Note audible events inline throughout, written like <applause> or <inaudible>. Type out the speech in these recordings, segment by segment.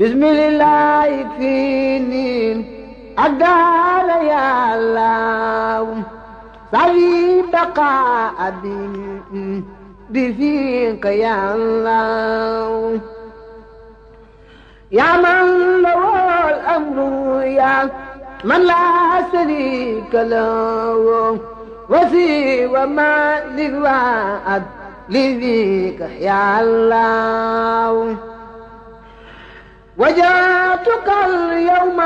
bismillah fii niin ak daala yàllaaw safi baqa abi bi fiika yàllaaw yaa man lawol amru yaa man laa sharika lawo wasi wa ma lil waad li fiika yàllaaw وجاتك اليوم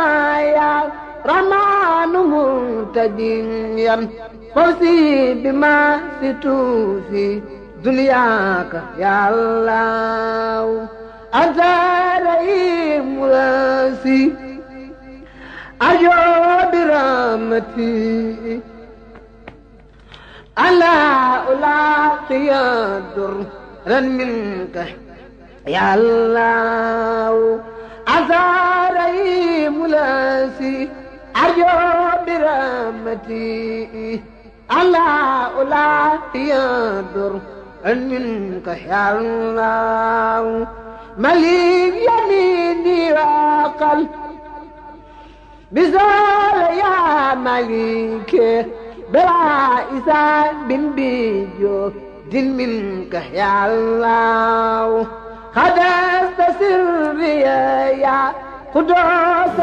يا رمان منتديا فوزي بما ستوفي دنياك يا الله أنت رئيم راسي أجو برامتي ألا ألاقي الدر منك يا الله أزاري ملاسي أرجو برحمتي ألا ألا يضر أن منك يا الله مليك يميني وقل بزول يا مليك بلا إسان بن بيجو دل منك يا الله خدست سري يا قدوس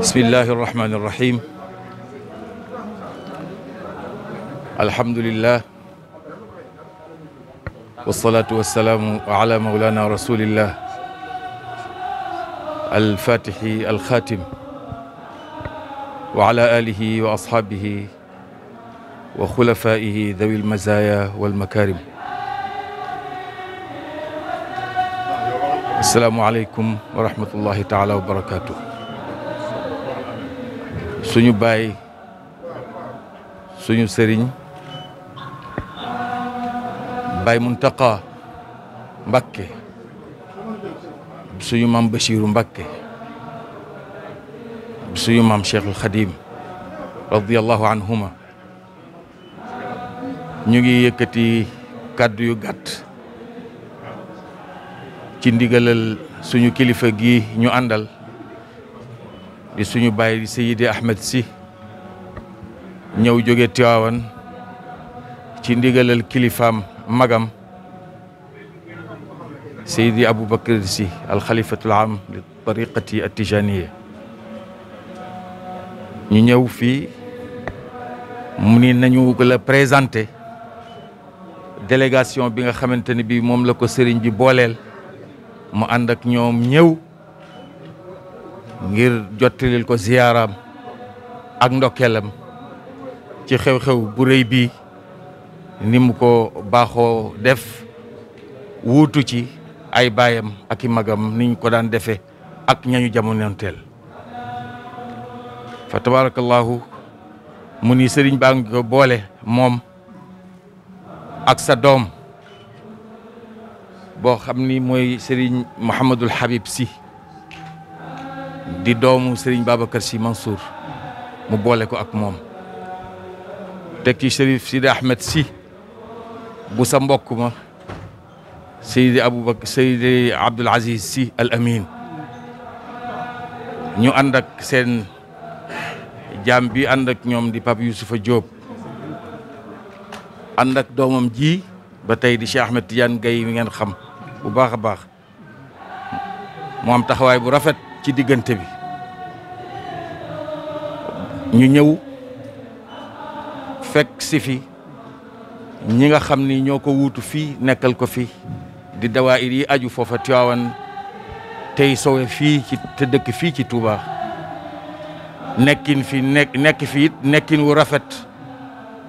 بسم الله الرحمن الرحيم الحمد لله والصلاة والسلام على مولانا رسول الله الفاتح الخاتم وعلى آله وأصحابه وخلفائه ذوي المزايا والمكارم asalaamualeykum wa rahmatullahi suñu baay suñu sëriñ baay Muntaqa Mbakke suñu maam Bachiru Mbakke suñu maam Cheikhul Xadim radiallahu anhuma ñu ngi yëkkati kàddu yu gàtt ci ndigalal suñu kilifa gi ñu àndal di suñu baay di Ahmed Sy ñëw jóge Tiwaawan ci ndigalal kilifaam magam Seydi Aboubacar Sy alxalifatul am li tariqati atijaniya ñu ñëw fii mu ni nañu la présenté délégation bi nga xamante bi moom la ko sëriñ bi booleel mu ànd ak ñoom ñëw ngir jottalil ko ziyaaraam ak ndokkeelam ci xew-xew bu rëy bii ni mu ko baaxoo def wuutu ci ay baayam ak i magam ni ko daan defee ak ñañu jamonoonteel fa tabarakallahu mu ni sëriñ baa ngi ko boole moom ak sa doom boo xam ni mooy Serigne Mouhamadul Habib si di doomu Serigne Babacar Sy Mansour mu boole ko ak moom teg ci Chérif Sidi Ahmed Sy bu sa mbokk ma Seydi Aboubacar Seydi Abdoul Aziz Sy Al Amin ñu ànd ak seen jaam bi ànd ak ñoom di Pape Youssoufa Diop ànd ak doomam ji ba tey di Cheikh Ahmed Tidiane Gaye mi ngeen xam bu baax a baax moom taxawaay bu rafet ci diggante bi ñu ñëw fekk si fi ñi nga xam ni ñoo ko wuutu fii nekkal ko fi di dawaayir yi aju foofa Tiwaawan tey soowe fii te dëkk fii ci Touba nekkin fi nekkin wu rafet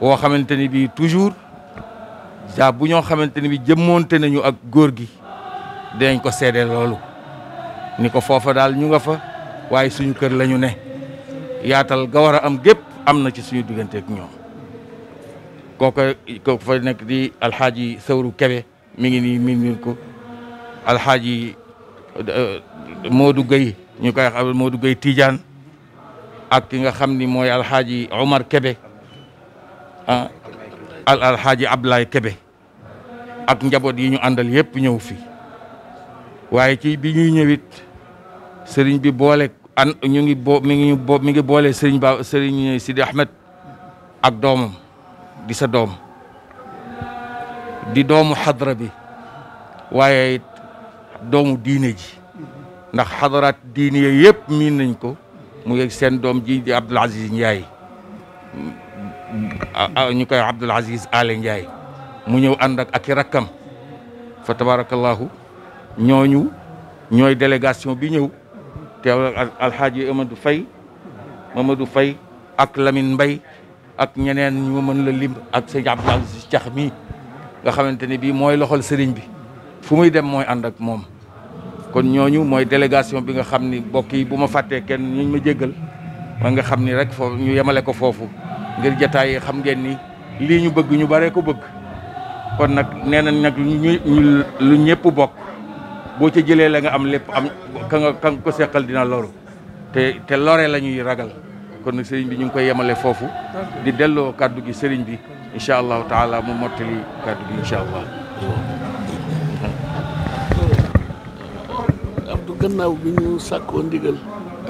woo xamante ni bii toujours ja bu ñoo xamante ni bi jëmmoonte nañu ak góor gi dinañ ko seede loolu ni ko foofa daal ñu nga fa waaye suñu kër lañu ne yaatal ga a am gépp am na ci suñu digganteek ñoom kooko ko fa nekk di alxaaji sawru kebe mi ngi nii min min ko alxaaji euh, Modou Gueye ñu koy xam Modou Gueye ak ki nga xam ni mooy alxaaji Omar Kebe ah al alxaaji Abdoulaye Kebe ak njaboot yi ñu àndal yëpp ñëw fi waaye ci bi ñu ñëwit sëriñ bi boole an ñu ngi mi ngi bo mi ngi boole sëriñ ba sëriñ Ahmed ak doomam di sa doom di doomu xadra bi waaye it doomu diine ji ndax xadaraat diine yooyu yëpp miin nañ ko mu seen doom ji di Abdoul Aziz ñu koy Abdoul Aziz Ale Ndiaye mu ñëw ànd ak ak i rakkam fa tabarakallahu ñooñu ñooy délégation bi ñëw teewal alxaaji Amadou Faye Mamadou Faye ak Lamine Mbaye ak ñeneen ñu mën la lim ak sëñ Abdou Aziz Cax mii nga xamante ni bii mooy loxol sëriñ bi fu muy dem mooy ànd ak moom kon ñooñu mooy délégation bi nga xam ni mbokk yi bu ma fàttee kenn ñu ma jéggal ma nga xam ni rek foofu ñu yemale ko foofu ngir jataay yi xam ngeen ni lii ñu bëgg ñu bare ko bëgg kon nag nee nañ nag lu ñëpp bokk boo ci jëlee la nga am lépp am ka ka ko seqal dina loru te te lore lañuy ragal kon nag sëriñ bi ñu ngi koy yemale foofu di delloo kàddu gi sëriñ bi incha allahu taala mu mottali kàddu gi incha allah abdu gannaaw bi ñu sàkkoo ndigal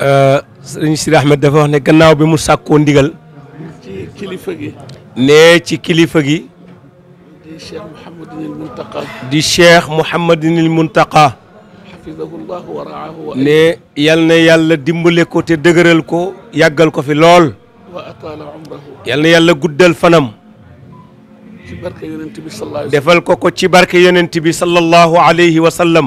euh, sëriñ Sidi Ahmed dafa wax ne gannaaw bi mu sàkkoo ndigal ci ci kilifa gi di cheikh Mouhamadinil Muntaqa ne yal yàlla dimbale ko te ko yàggal ko fi lool yal na yàlla fanam defal ko ko ci barke yonent bi sallallahu alayhi wa ci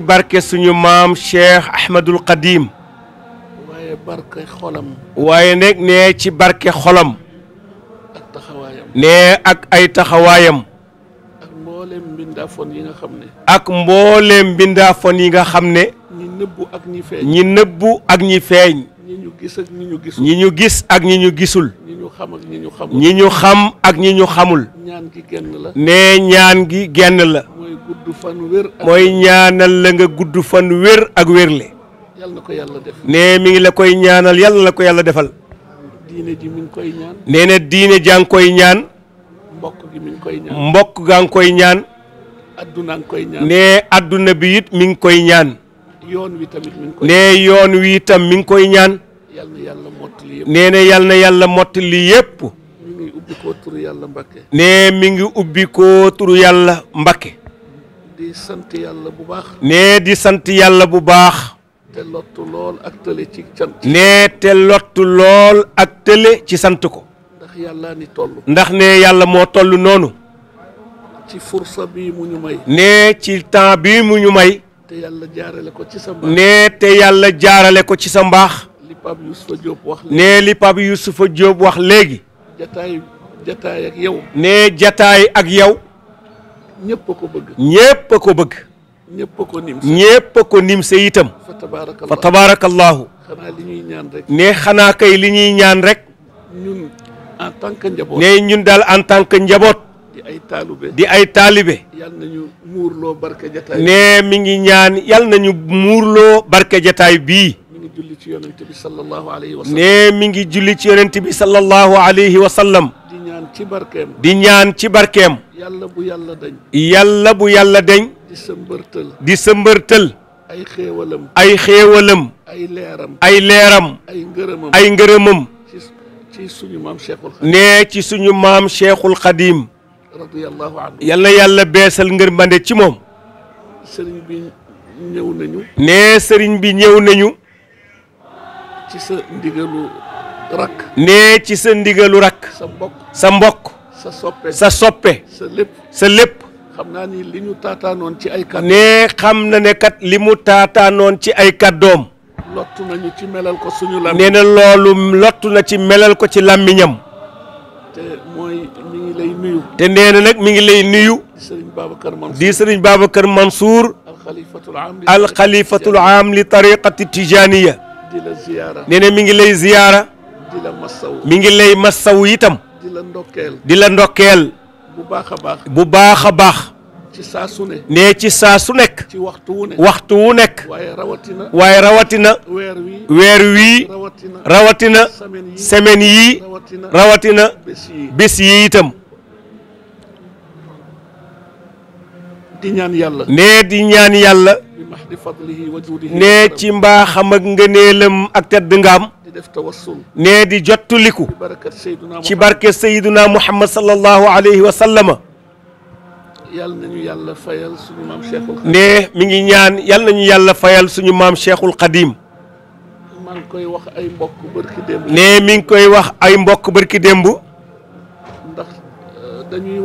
barke suñu maam Cheikh Ahmadul Xadim waaye ci barke xolam nee ak ay taxawaayam. ak mbooleem mbindaafoon yi nga xam ne. ak mbooleem mbindaafoon yi nga xam ne. ñi nëbbu ak ñi feeñ. ñi ñu gis ak ñi ñu gisul. ñi ñu gis ak ñi ñu gisul. ñi ñu xam ak ñi ñu xamul. ñi ñaan gi genn la. nee ñaan gi genn la. mooy gudd ñaanal la nga gudd fan wér ak wérle. yàlla na ko yàlla def. nee mi ngi la koy ñaanal yàlla na ko yàlla defal. diine ji mi ngi koy ñaan. nee na diine jaa ngi koy ñaan. mbokk gi koy ñaan. mbokk koy ñaan. nee adduna bi it mi ngi koy ñaan. yoon wi tamit nee yoon wi itam mi ngi koy ñaan. yal yàlla mottali yëpp. na yal na yàlla mottali lii mi nee mi ngi ubbi ko turu yàlla Mbakke. di nee di sant yàlla bu baax. te lool ak nee te lottu lool ak tële ci sant ko. ndax yàlla ni toll. ndax ne yàlla moo toll noonu. ci fursa bii mu ñu may. nee ci temps bi mu ñu may. te yàlla jaarale ko ci nee te yàlla jaarale ko ci sa mbaax. li Pape Youssoufa Diop wax. nee li Pape Youssoufa wax léegi. jataay jataay ak yow. nee jataay ak yow. ñëpp a ko bëgg. ñëpp a ko bëgg. ñépp a ko nim sa itam fa tabaarakallaahu ne xanaa kay li ñuy ñaan rek ne ñun daal en tant que njaboot di ay taalibe ne mi ngi ñaan yal nañu muurloo barke jataay bii ne mi ngi julli ci yonent bi sallallahu alayhi wa di ñaan ci barkeem yàlla bu yàlla dañ yàlla bu yàlla dañ di sëmbërtël di sëmbërtël ay xéewalam ay xéewalam ay leeram ay leeram ci suñu maam Cheikhul Xadim nee ci suñu maam Cheikhul Xadim yal na yàlla beesal ngërmande ci moom sëriñ bi ñëw nañu nee sëriñ bi ñëw nañu ci nee ci sa ndigalu rakk sa mbokk sa mbokk sa soppe sa lépp xam naa ci ay kàddoom xam na ne kat li mu taataanoon ci ay kat lottu nañu ci melal ko suñu na loolu lottu na ci melal ko ci làmmiñam te mooy mi ngi lay nuyu te nee nag mi ngi lay nuyu sëriñ Babacar Mansour di sëriñ Babacar Mansour aam li tariqati tijaniya di mi ngi lay ziyaara mi ngi lay massaw itam di ndokkeel bu baax a baax bu baax a baax. ci saa nee ci saa su nekk. ci waxtu wu nekk waxtu waaye rawatina. waaye rawatina. weer wii weer wii. rawatina rawatina. semaine yii rawatina. bés yi itam. di ñaan yàlla. nee di ñaan yàlla. nee ci mbaaxam ak ngëneelam ak tedd ngaam. di def tawassul nee di jottaliku ci barke Seydina Muhammad sallallahu alayhi wa sallama yàlla nañu yàlla fayal suñu maam nee mi ngi ñaan yàlla nañu yàlla fayal suñu maam Cheikhul Xadim ngi koy wax ay nee mi ngi koy wax ay mbokk barki démb euh,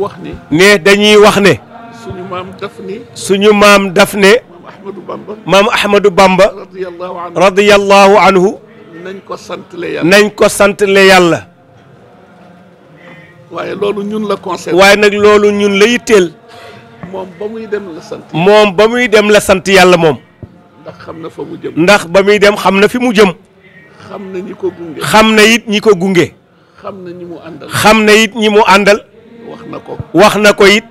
wax nee dañuy wax ne suñu maam daf ne maam Ahmadou Bamba maam anhu nañ ko sant le yàlla nañ ko sant yàlla waaye loolu ñun la concerné waaye nag loolu ñun la yitteel moom ba muy dem la sant yàlla moom ndax na fa ndax ba muy dem xam na fi mu jëm xam na ñi ko gunge xam na it ñi ko gunge xam mu àndal xam na it ñi mu àndal wax na ko wax na ko it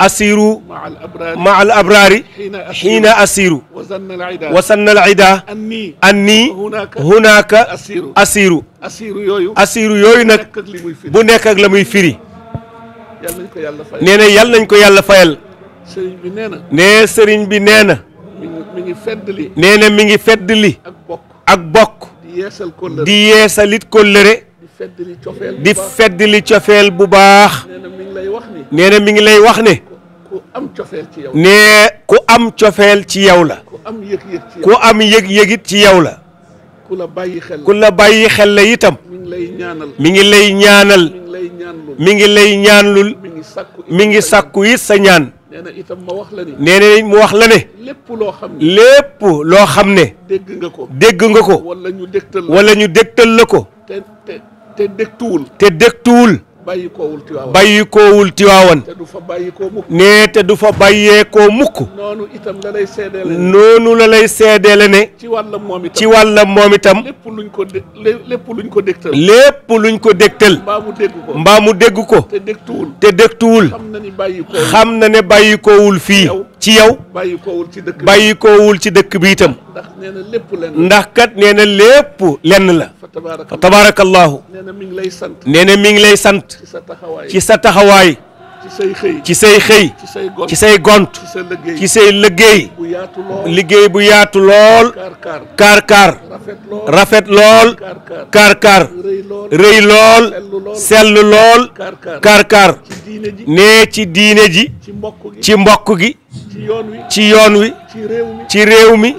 asiru ma al abraari xiina asiru wa sanna al ida anni hunaaka yooyu nag bu nekk la muy firi nee na yal nañ ko yàlla fayal nee sëriñ bi nee na nee na ngi fedd li ak bokk di yeesal it kóllëre di fedd li cofeel bu baax nee na mi ngi lay wax ne nee ku am cofeel ci yow la ku am yëg yëg it ci yow la ku la bàyyi xel la itam mi ngi lay ñaanal mi ngi lay ñaanlul mi ngi sàkku it sa ñaan nee na wax mu wax la ne lépp loo xam ne lépp loo dégg nga ko walla nga ko wala ñu dégtal la ko te dëktuwul te dëktuwul bàyyi koowul tiwaawan bàyyi du fa bàyyi nee te du fa bàyyee koo mukk noonu itam la lay seedeele la lay seedeele ne ci wàllam moom itam ci wàllam moom itam lépp luñ ko dé lépp luñ ko dégtal lépp luñ ko dégtal mbaa mu dégg ko mbaa mu dégg ko te dégtuwul te dégtuwul xam na ne bàyyi koowul fii ci yow bàyyi koowul ci dëkk bi itam ndax kat nee na lépp lenn la fa tabaarakallaahu nee na mi ngi lay sant ci sa taxawaay ci say xëy ci say gont ci say liggéey liggéey bu yaatu lool kaar kaar rafet lool kaar kaar rëy lool sell lool kaar kaar nee ci diine ji ci mbokk gi ci yoon wi ci réew mi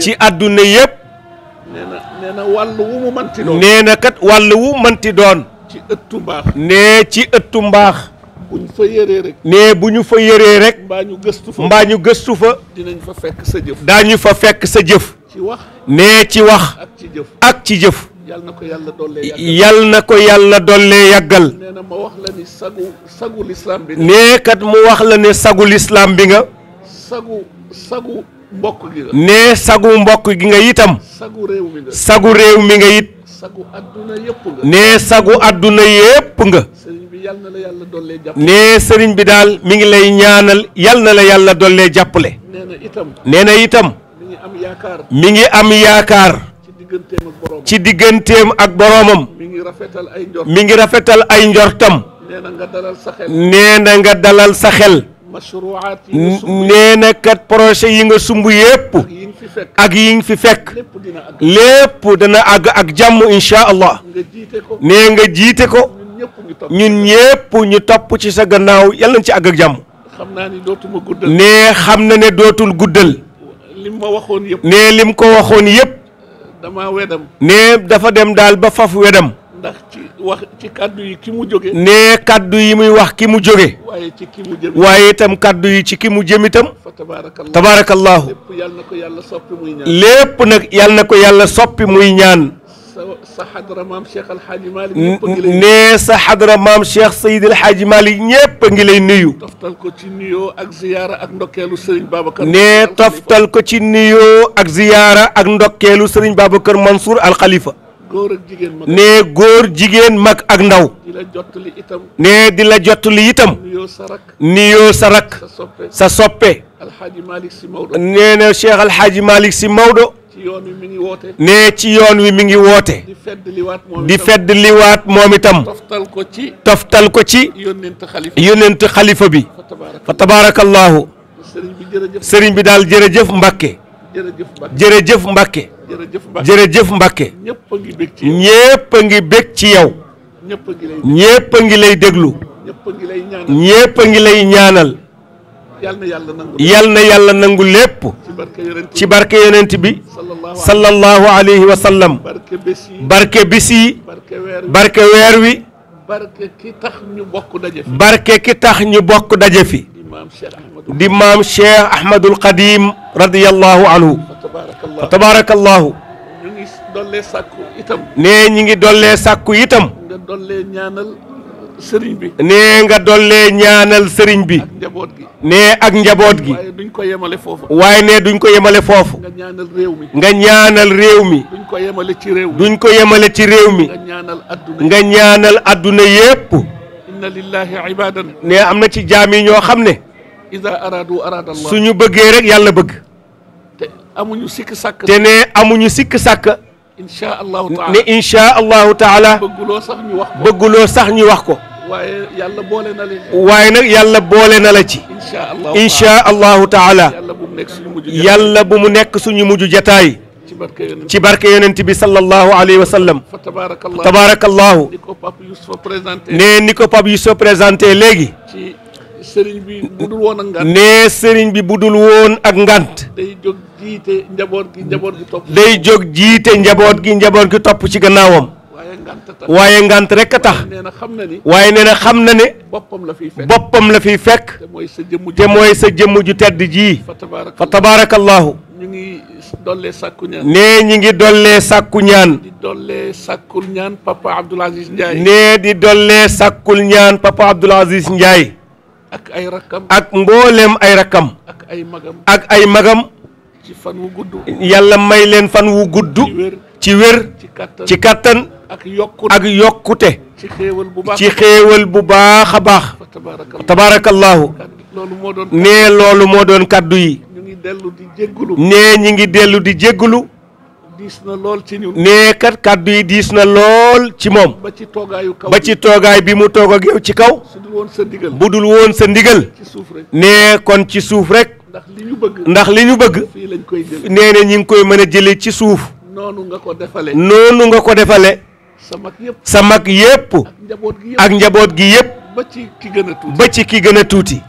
ci àdduna yépp nee na kat wu mënti doon nee ci ëttu mbaax nee bu ñu fa yëree rek mbaa ñu gëstu fa daañu fa fekk sa jëf nee ci wax ak ci jëf yal na ko yàlla dollee yàggal yal na ko yàlla dollee yàggal. nee na ma wax la sagu sagu kat mu wax la ne sagu lislaam bi nga. sagu sagu mbokk gi nee sagu mbokk gi nga itam. sagu réew mi réew mi nga it. sagu àdduna yëpp nee sagu àdduna yépp nga. sëriñ na la yàlla dollee jàppale. nee sëriñ bi daal mi ngi lay ñaanal yal na la yàlla dollee jàppale. nee na itam. nee ngi am yaakaar. digganteem ci digganteem ak boroomam mi ngi rafetal ay njortam mi ngi rafetal ay njortam nee na nga dalal sa xel nee na nga dalal sa xel nee kat projet yi nga sumb yépp ak yi nga fi fekk lépp dana àgg ak jàmm incha allah nee nga jiite ko ñun ñépp ñu topp ci sa gannaaw yàlla nañ ci àgg ak jàmm nee xam na ne dootul guddal nee lim ko waxoon yépp dama wedam. ne dafa dem daal ba faf wedam. ndax ci wax ci kaddu yi ne kaddu yi muy wax ki mu jóge. waaye itam kaddu yi ci ki mu jëm itam. tabaarakallahu lépp yal na ko yàlla soppi muy na ko yàlla soppi muy ñaan. sa nee sa xadra maam Cheikh Seydi El Hadj Malick ñëpp ngi lay nuyu. toftal ko ci nuyoo ak ziyaara ak ndokkeelu Serigne Babacar. nee toftal ko ci nuyoo ak ziyaara ak ndokkeelu Serigne Babacar Mansour Al Khalifa. góor jigéen mag nee góor jigéen mag ak ndaw. di la jottali itam. nee di la jottali itam. nuyoo sa soppe nee na Cheikh El Hadj Malick si Maodo. ne ci yoon wi mu ngi woote. di fedd liwaat moom itam. toftal ko ci. toftal ko ci. yónneent xalifa bi. fa tabaarakallaahu. sëriñ bi daal jërëjëf Mbacke. jërëjëf Mbacke. jërëjëf Mbacke. ñépp a ngi bég ci yow. ñépp ngi lay déglu. ñépp ngi lay ñaanal. yal na yàlla nangu lépp. ci barke yonent bi. sallallahu alayhi wa sallam barke bis yi barke weer wi barke ki tax ñu bokk daje fi barke ki ñu di maam Cheikh Ahmadul Qadim radiyallahu anhu fa tabaarakallahu ñu ngi dollee sàkku itam. sëriñ bi. nee nga dollee ñaanal sëriñ bi. ak njaboot gi. nee ak njaboot gi. waaye duñ ko yemale foofu. waaye nee duñ ko yemale foofu. nga ñaanal réew mi. nga ñaanal réew mi. duñ ko yemale ci réew mi. ko yemale ci réew mi. nga ñaanal adduna ñaanal adduna yépp. inna lillahi nee am na ci jaam yi ñoo xam ne. ida aradu arada suñu bëggee rek yàlla bëgg. te amuñu sikk sàkk. nee amuñu sikk sàkk. incha allahu taala ne incha allahu taala. bëgguloo sax ñu wax ko. waaye yàlla boole na la nag yàlla boole na la ci. incha allahu taala yàlla bu mu nekk suñu mujj jataay. ci barke yonent bi sallallahu alayhi wa sallam. tabaarakallahu nee ni ko Pape Youssou présenté léegi. bi budul woon ak ngant. nee sëriñ bi budul woon ak ngant. day jóg jiite njaboot gi njaboot gi jiite njaboot gi njaboot gi topp ci gannaawam. waaye ngant rek a tax waaye nee na xam na ne boppam la fi fekk te mooy sa jëmm ju tedd jii fa tabaarakallaahu nee ñi ngi dollee sàkku ñaan nee di dollee sàkkul ñaan papa Abdoul Aziz Ndiaye ak ay rakkam ak mbooleem ay rakkam ak ay magam yàlla may leen fan wu gudd ci wér ci kàttan ak yokkute ak yokkute. ci xéewal bu baax ci xéewal bu baax a baax. tabaarakallaahu nee loolu moo doon kàddu yi. nee ñi ngi dellu di jéggulu nee kat kàddu yi diis na lool ci moom ba ci toogaay bi mu toog ak yow ci kaw bu dul woon sa ndigal nee kon ci suuf rek ndax li ñu bëgg nee na ñu ngi koy mën a jële ci suuf noonu nga ko defale sa mag yëpp sa mag yëpp ak njaboot gi yëpp ba ci ki gën a tuuti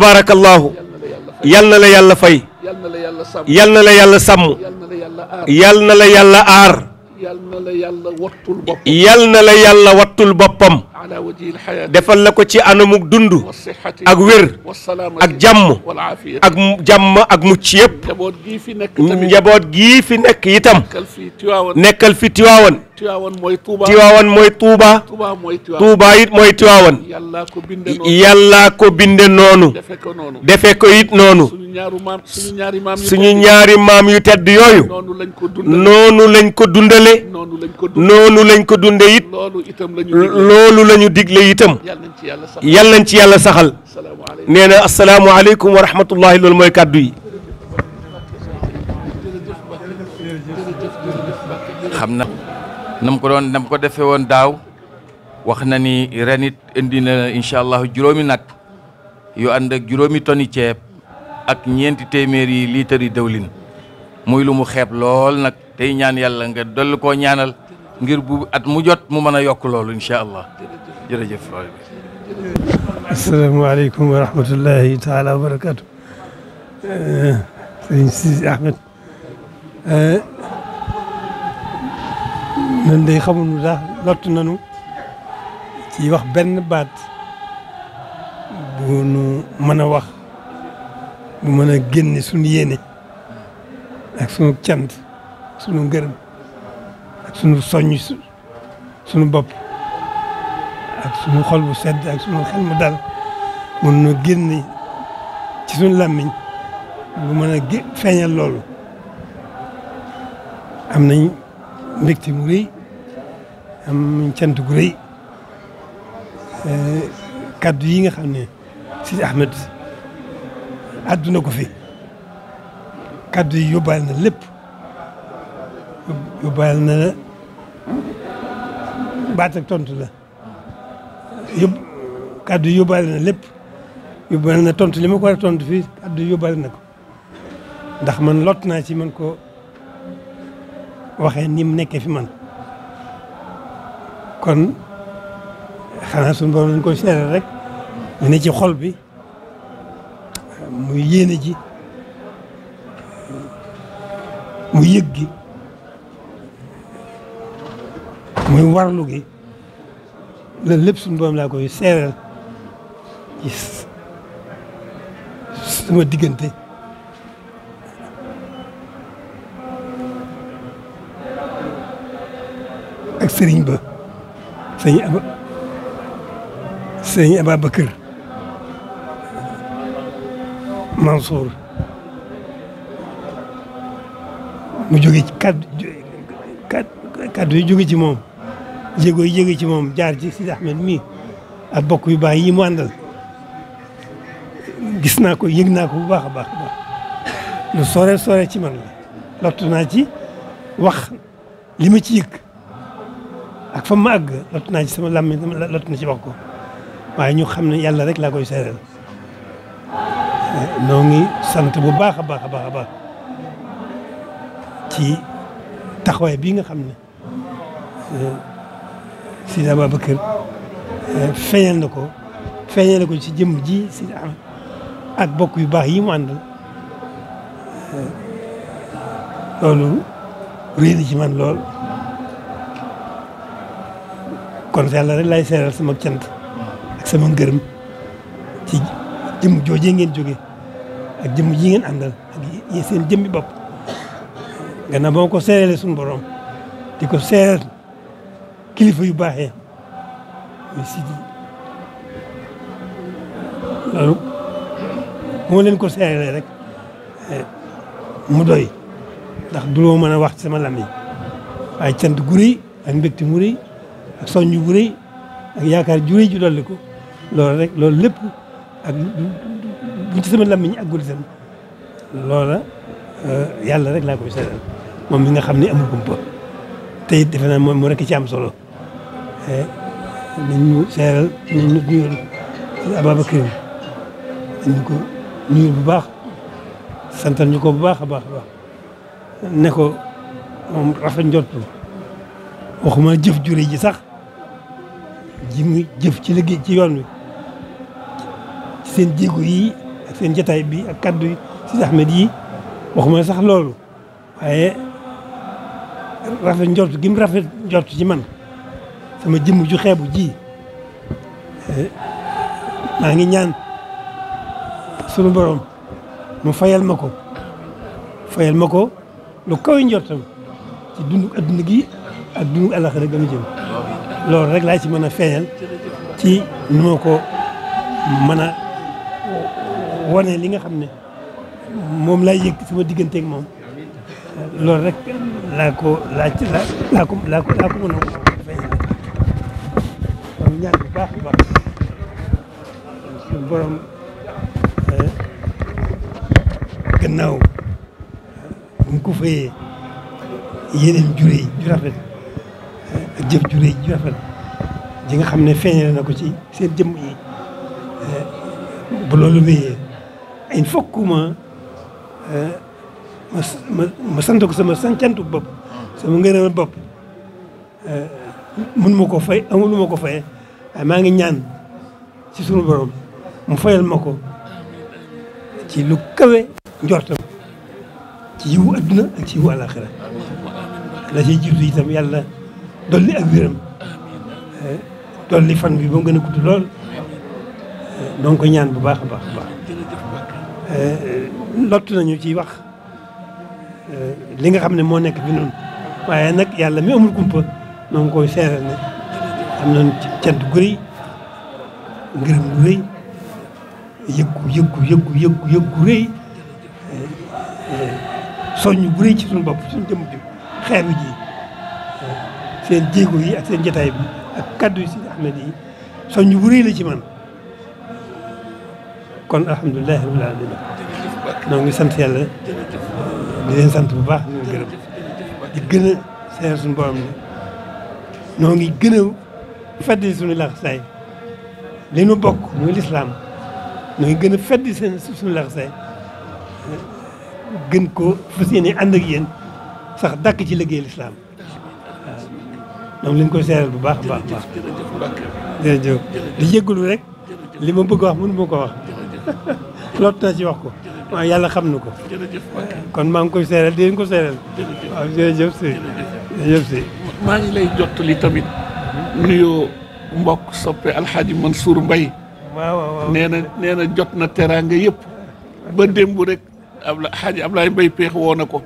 ba yal na la yàlla fay yal na la yàlla sàmm na la yàlla aar yal na la yàlla wattul boppam yal la yàlla wattul boppam defal la ko ci anamuk dund ak wér ak jàmm ak jàmm ak mucc yëpp njaboot gii fi nekk itam nekkal fi tiwaawan Tiwaawan mooy Touba Tiwaawan mooy Touba. mooy Tiwaawan Touba ko binde noonu yàllaa ko binde noonu. defe ko noonu noonu. suñu ñaari maam yu. suñu ñaari tedd yooyu. noonu lañ ko dundale noonu lañ ko dundale. noonu loolu lañu digle loolu lañu itam. yàlla nañ ci yàlla saxal yàlla nañ ci yàlla saxal. nee loolu mooy kàddu yi. xam nam ko doon nam ko defee woon daaw wax na ni ren it indi na incha allah juróomi nag yu ànd ak juróomi toni ceeb ak ñeenti téeméeri litre yi dëwlin muy lu mu xeeb lool nag tey ñaan yàlla nga dolli ko ñaanal ngir bu at mu jot mu mën a yokk loolu incha allah jërëjëf. asalaamaaleykum wa rahmatullahi taala wa barakaatu. Eh, sëñ Sidi Ahmed. Eh, ñun day xamuñu sax lott nañu ci wax benn baat bu nu mën a wax bu mën a génne suñu yéene ak suñu cant suñu ngërëm ak suñu soññ suñu bopp ak suñu xol bu sedd ak sunu xel mu dal mun nu génne ci suñu làmmiñ bu mën a feeñal loolu am nañ mbégte ci rëy am cant gu eh, yi nga xam ne Sidi Ahmed àdduna ko fi kaddu yi na lépp yóbbaale na la baat tontu la yób kaddu yi yóbbaale na lépp yóbbaale na tontu li ma ko war tontu fii kaddu yi na ko ndax man lot naa ci man ko waxe ni mu nekkee fi man kon xanaa suñu borom dañ koy seeral rek mu ne ci xol bi muy yéene ji mu yëg gi muy warlu gi loolu lépp suñu borom laa koy seeral ci diggante sëriñ ba sëriñ Aba sëriñ Ababacar mu jóge ci kàddu kàddu yu jóge ci moom jéego yi jóge ci moom jaar ci Sidi Ahmed mii ak bokk yu baax yi mu àndal gis naa ko yég naa ko bu baax a baax baax lu sore sore ci man la lottu naa ci wax li ci yëg ak fa mu ma àgg lot naa ci sama làmmiñ lot na ci wax ko ñu xam ne yàlla rek laa koy seereel noo ngi sant bu baax a baax a baax a baax ci taxawaay bii nga xam ne eh, Sidi Ababacar eh, feeñal na ko feeñal na ko ci jëm ji si ak bokk yu baax yi mu àndal eh, loolu réer ci man lool kon yàlla rek laay seeral sama cant ak sama ngërëm ci jëmm joojee ngeen jóge ak jëmm ji ngeen àndal ak seen jëmmi bopp gannaaw ba ma ko seeralee suñu borom di ko seeral kilifa yu baaxee mais si loolu leen ko seeralee rek eh, mu doy ndax du loo mën a wax sama lam yi waaye cant gu rëy ak mbégte mu rëy ak soññ bu rëy ak yaakaar ju rëy ju dolli ko loolu rek loolu lépp ak buñ ci sama lammiñ ak guddi loola euh, yàlla rek laa koy seetal moom mi nga xam ne amul kumpa te it defe naa moom moo rek ci am solo eh, nañ ñu seeral nañ ñu nuyul Ababacar dañ ko nuyul bu baax santal ñu ko bu baax a baax a baax ne ko moom rafet waxuma jëf jure ji sax ji jëf ci liggéey ci yoon wi ci seen jéego yi ak seen jataay bi ak kaddu yi si Ahmed yi waxuma sax loolu waaye rafet njort gi mu rafet njort ci man sama jëmm ju xeebu ji eh, maa ngi ñaan sunu borom mu fayal ma ko fayal ma ko lu kaw njortam ci dundu adduna gi ak dundu àllaxira gën a jëm loolu rek laa ci mën a feeñal ci nu ko mën a wane li nga xam ne moom laa yëg sama digganteeg moom loolu rek laa ko laa ci ko laa a feeñal bu baax a borom eh, gannaaw bu ñu ko fayee yi ju rafet ak jëf ju rëy ju ji nga xam ne feeñale na ko ci seen jëmm yi bu loolu wéyee il faut ma ma ko sama sancantu bopp sama ngërëm bopp mun ma ko fay amul ma ko fayee maa ngi ñaan ci sunu borom mu fayal ma ko ci lu kawe njortam ci yiwu adduna ak ci yiwu alaxira la ciy jiitu itam yàlla dolli ak wéram dolli fan bi ba mu gudd lool donc ñaan bu baax a baax a baax eh, lott nañu ci wax eh, li nga xam ne moo nekk bi noonu waaye nag yàlla mi amul kumpa noo ngi koy seeral ne am nañu cant gu rëy ngërëm lu rëy yëggu yëggu yëggu yëggu yëggu rëy eh, soññ gu ci suñu bopp suñu jëm jëm xeeru ji seen jéego yi ak seen jataay bi ak kaddu yi si Ahmed yi soññ bu la ci man kon alhamdulilah rabbil alamin ngi sant yàlla di leen sant bu baax di leen gërëm di gën a seer suñu borom ni noo ngi gën a feddi suñu laxasaay li nu bokk muy lislaam noo ngi gën a feddi seen laxasaay gën ko fas yéene ànd ak yéen sax dàkk ci liggéey lislaam donc li koy seeral bu baax a baax baax jërëjëf di jégalu rek li ma bëgg wax mënu ma ko wax <laughs> lott na ci wax ko waaw yàlla xam na ko kon maa ngi koy seeral di ko seeral waaw jërëjëf si jërëjëf maa ngi lay jottali tamit nuyoo mbokk soppe alxaaji Mansour suur mbay waaw nee na nee jot na teraanga yëpp ba démb rek abla xaaji laay mbay peex woo na ko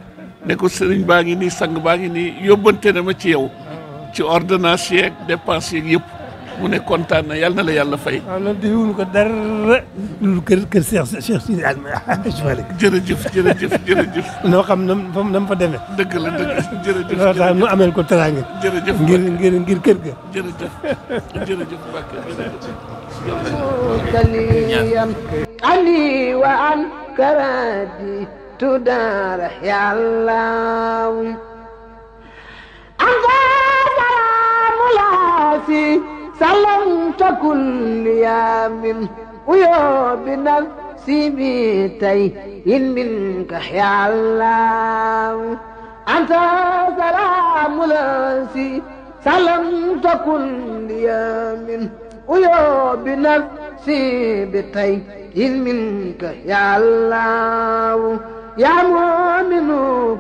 ne ko sëriñ baa ngi nii sang baa ngi nii yóbbante na ma ci yow ci ordonnance yeeg dépense yeeg yëpp mu ne kontaan na yàlla na la yàlla fay. waaw loolu de wuñu ko dara. loolu kër <laughs> <laughs> xam nam fam nam fa demee. dëgg la dëgg <laughs> jërëjëf. loolu daal nu ameel ko teraanga. jërëjëf ngir ngir ngir kër ga. jërëjëf خلاصي سلمت كل يوم ويا بنفسي بيتي إن منك يا الله أنت سلام لاسي سلمت كل يوم ويا بنفسي بيتي إن منك يا الله يا مؤمن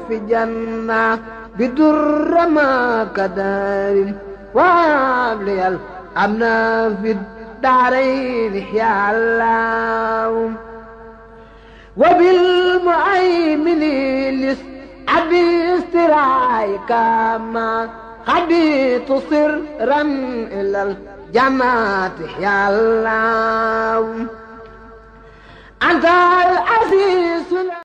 في جنة بدر ما كدار وابلي الأمن في الدارين يا الله وبالمؤمن لس أبي استرايك ما خبيت سرا إلى الجماعة يا الله أنت العزيز